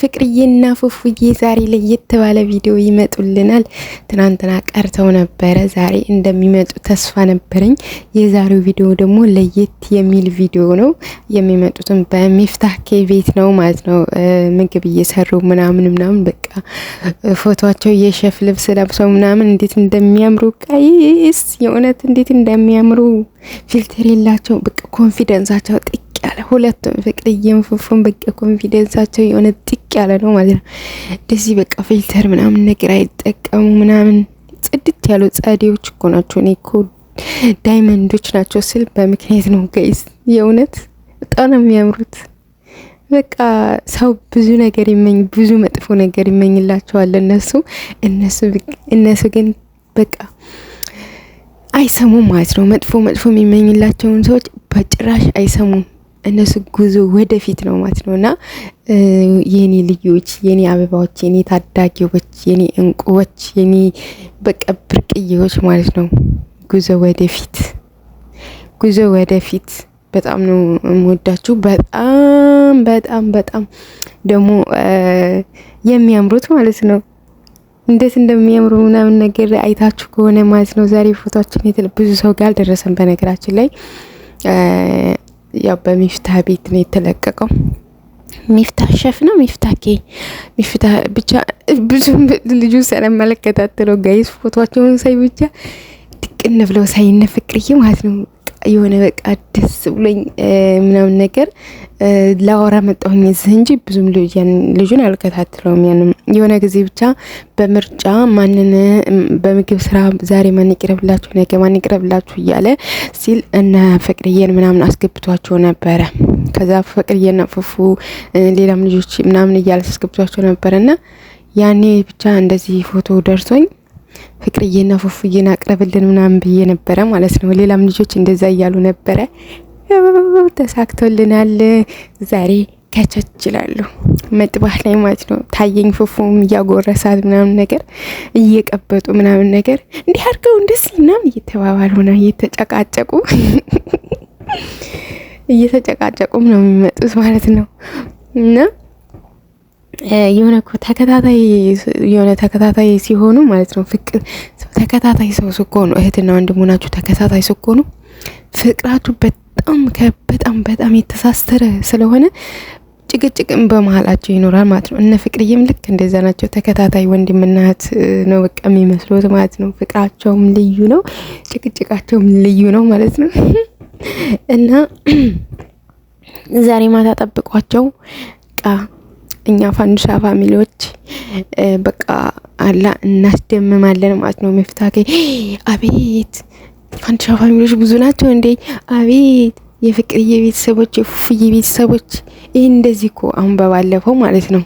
ፍቅርዬና ፉፉዬ ዛሬ ለየት ባለ ቪዲዮ ይመጡልናል። ትናንትና ቀርተው ነበረ፣ ዛሬ እንደሚመጡ ተስፋ ነበረኝ። የዛሬው ቪዲዮ ደግሞ ለየት የሚል ቪዲዮ ነው። የሚመጡትም በሚፍታህ ቤት ነው ማለት ነው። ምግብ እየሰሩ ምናምን ምናምን በቃ ፎቶቸው የሸፍ ልብስ ለብሰው ምናምን እንዴት እንደሚያምሩ ቀይስ፣ የእውነት እንዴት እንደሚያምሩ ፊልተር የላቸው በቃ ኮንፊደንሳቸው ጥቅ ያለ ሁለቱም ፍቅርዬም ፉፉም በቃ ኮንፊደንሳቸው የሆነ ያለ ነው ማለት ነው። እንደዚህ በቃ ፊልተር ምናምን ነገር አይጠቀሙ ምናምን ጽድት ያሉ ጸዴዎች እኮ ናቸው። እኔ እኮ ዳይመንዶች ናቸው ስል በምክንያት ነው ገይዝ። የእውነት በጣም ነው የሚያምሩት። በቃ ሰው ብዙ ነገር ይመኝ ብዙ መጥፎ ነገር ይመኝላቸዋል እነሱ እነሱ እነሱ ግን በቃ አይሰሙም ማለት ነው። መጥፎ መጥፎ የሚመኝላቸውን ሰዎች በጭራሽ አይሰሙም። እነሱ ጉዞ ወደፊት ነው ማለት ነው እና የኔ ልጆች፣ የኔ አበባዎች፣ የኔ ታዳጊዎች፣ የኔ እንቁዎች፣ የኔ በቃ ብርቅዬዎች ማለት ነው። ጉዞ ወደፊት፣ ጉዞ ወደፊት። በጣም ነው የምወዳችሁ። በጣም በጣም በጣም ደግሞ የሚያምሩት ማለት ነው እንዴት እንደሚያምሩ ምናምን ነገር አይታችሁ ከሆነ ማለት ነው። ዛሬ ፎቶችን ብዙ ሰው ጋር አልደረሰም በነገራችን ላይ ያው በሚፍታህ ቤት ነው የተለቀቀው። ሚፍታህ ሸፍ ነው ሚፍታኬ ሚፍታ ብቻ ብዙ ልጁ ስለመለከታትለው ጋይስ ፎቶቸውን ሳይ ብቻ ድቅን ብለው ሳይነ ፍቅርዬ ማለት ነው የሆነ በቃ ደስ ብሎኝ ምናምን ነገር ላወራ መጣሁኝ እዚህ እንጂ ብዙም ልጁን አልከታትለውም። ያንም የሆነ ጊዜ ብቻ በምርጫ ማንን በምግብ ስራ ዛሬ ማን ይቅረብላችሁ፣ ነገ ማን ይቅረብላችሁ እያለ ሲል እነ ፍቅርዬን ምናምን አስገብቷቸው ነበረ። ከዛ ፍቅርዬና ፉፉ ሌላም ልጆች ምናምን እያለ አስገብቷቸው ነበረ እና ያኔ ብቻ እንደዚህ ፎቶ ደርሶኝ ፍቅርዬና ፉፉዬን አቅርብልን ምናምን ብዬ ነበረ ማለት ነው። ሌላም ልጆች እንደዛ እያሉ ነበረ። ተሳክቶልናል ዛሬ ከቸች ይላሉ መጥባህ ላይ ማለት ነው። ታየኝ ፉፉም እያጎረሳት ምናምን ነገር እየቀበጡ ምናምን ነገር እንዲህ አድርገው እንደስ ምናምን እየተባባሉ ነው እየተጨቃጨቁ እየተጨቃጨቁም ነው የሚመጡት ማለት ነው እና የሆነ እኮ ተከታታይ የሆነ ተከታታይ ሲሆኑ ማለት ነው ፍቅር ተከታታይ ሰው ስኮኑ እህትና ወንድሙ ናችሁ ተከታታይ ስኮኑ ፍቅራችሁ በጣም በጣም በጣም የተሳሰረ ስለሆነ ጭቅጭቅም በመሀላቸው ይኖራል ማለት ነው። እነ ፍቅርዬም ልክ እንደዛ ናቸው። ተከታታይ ወንድምናት እህት ነው በቃ የሚመስሉት ማለት ነው። ፍቅራቸውም ልዩ ነው፣ ጭቅጭቃቸውም ልዩ ነው ማለት ነው እና ዛሬ ማታ ጠብቋቸው ቃ እኛ ፋንድሻ ፋሚሊዎች በቃ አላ እናስደምማለን ማለት ነው። መፍታኬ አቤት ፋንድሻ ፋሚሊዎች ብዙ ናቸው እንዴ! አቤት የፍቅርዬ ቤተሰቦች፣ የፉፉዬ ቤተሰቦች ይህ እንደዚህ እኮ አሁን በባለፈው ማለት ነው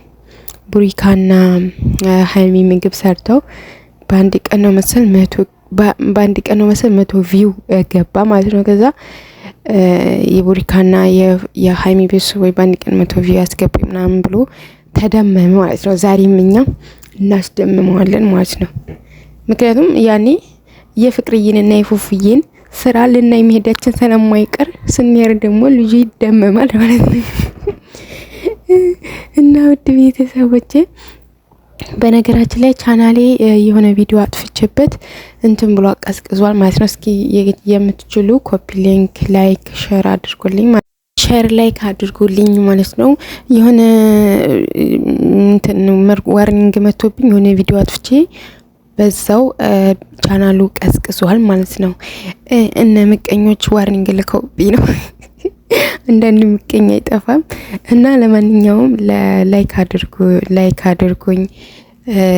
ቡሪካና ሀይሚ ምግብ ሰርተው በአንድ ቀን ነው መሰል መቶ በአንድ ቀን ነው መሰል መቶ ቪው ገባ ማለት ነው ከዛ የቡሪካና የሀይሚ ቤሱ ወይ በአንድ ቀን መቶ ቪ ያስገባ ምናምን ብሎ ተደመመ ማለት ነው። ዛሬም እኛ እናስደምመዋለን ማለት ነው። ምክንያቱም ያኔ የፍቅርዬንና የፉፉዬን ስራ ልናይ መሄዳችን ስለማይቀር ስንሄር ደግሞ ልጁ ይደመማል ማለት ነው እና ውድ ቤተሰቦቼ በነገራችን ላይ ቻናሌ የሆነ ቪዲዮ አጥፍቼበት እንትን ብሎ አቀዝቅዟል ማለት ነው። እስኪ የምትችሉ ኮፒ ሊንክ፣ ላይክ፣ ሼር አድርጉልኝ ሸር ላይክ አድርጉልኝ ማለት ነው። የሆነ ዋርኒንግ መቶብኝ የሆነ ቪዲዮ አጥፍቼ በዛው ቻናሉ ቀዝቅዟል ማለት ነው። እነ ምቀኞች ዋርኒንግ ልከውብኝ ነው። አንዳንድ ምቀኝ አይጠፋም እና ለማንኛውም ላይክ አድርጉ ላይክ አድርጉኝ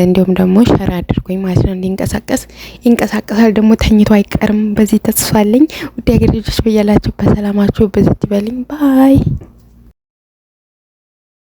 እንዲሁም ደግሞ ሸር አድርጉኝ ማለት ነው። እንዲንቀሳቀስ ይንቀሳቀሳል ደግሞ ተኝቶ አይቀርም። በዚህ ተስፋ አለኝ። ውድ ሀገር ልጆች በያላችሁ በሰላማችሁ በዚህ ትበልኝ ባይ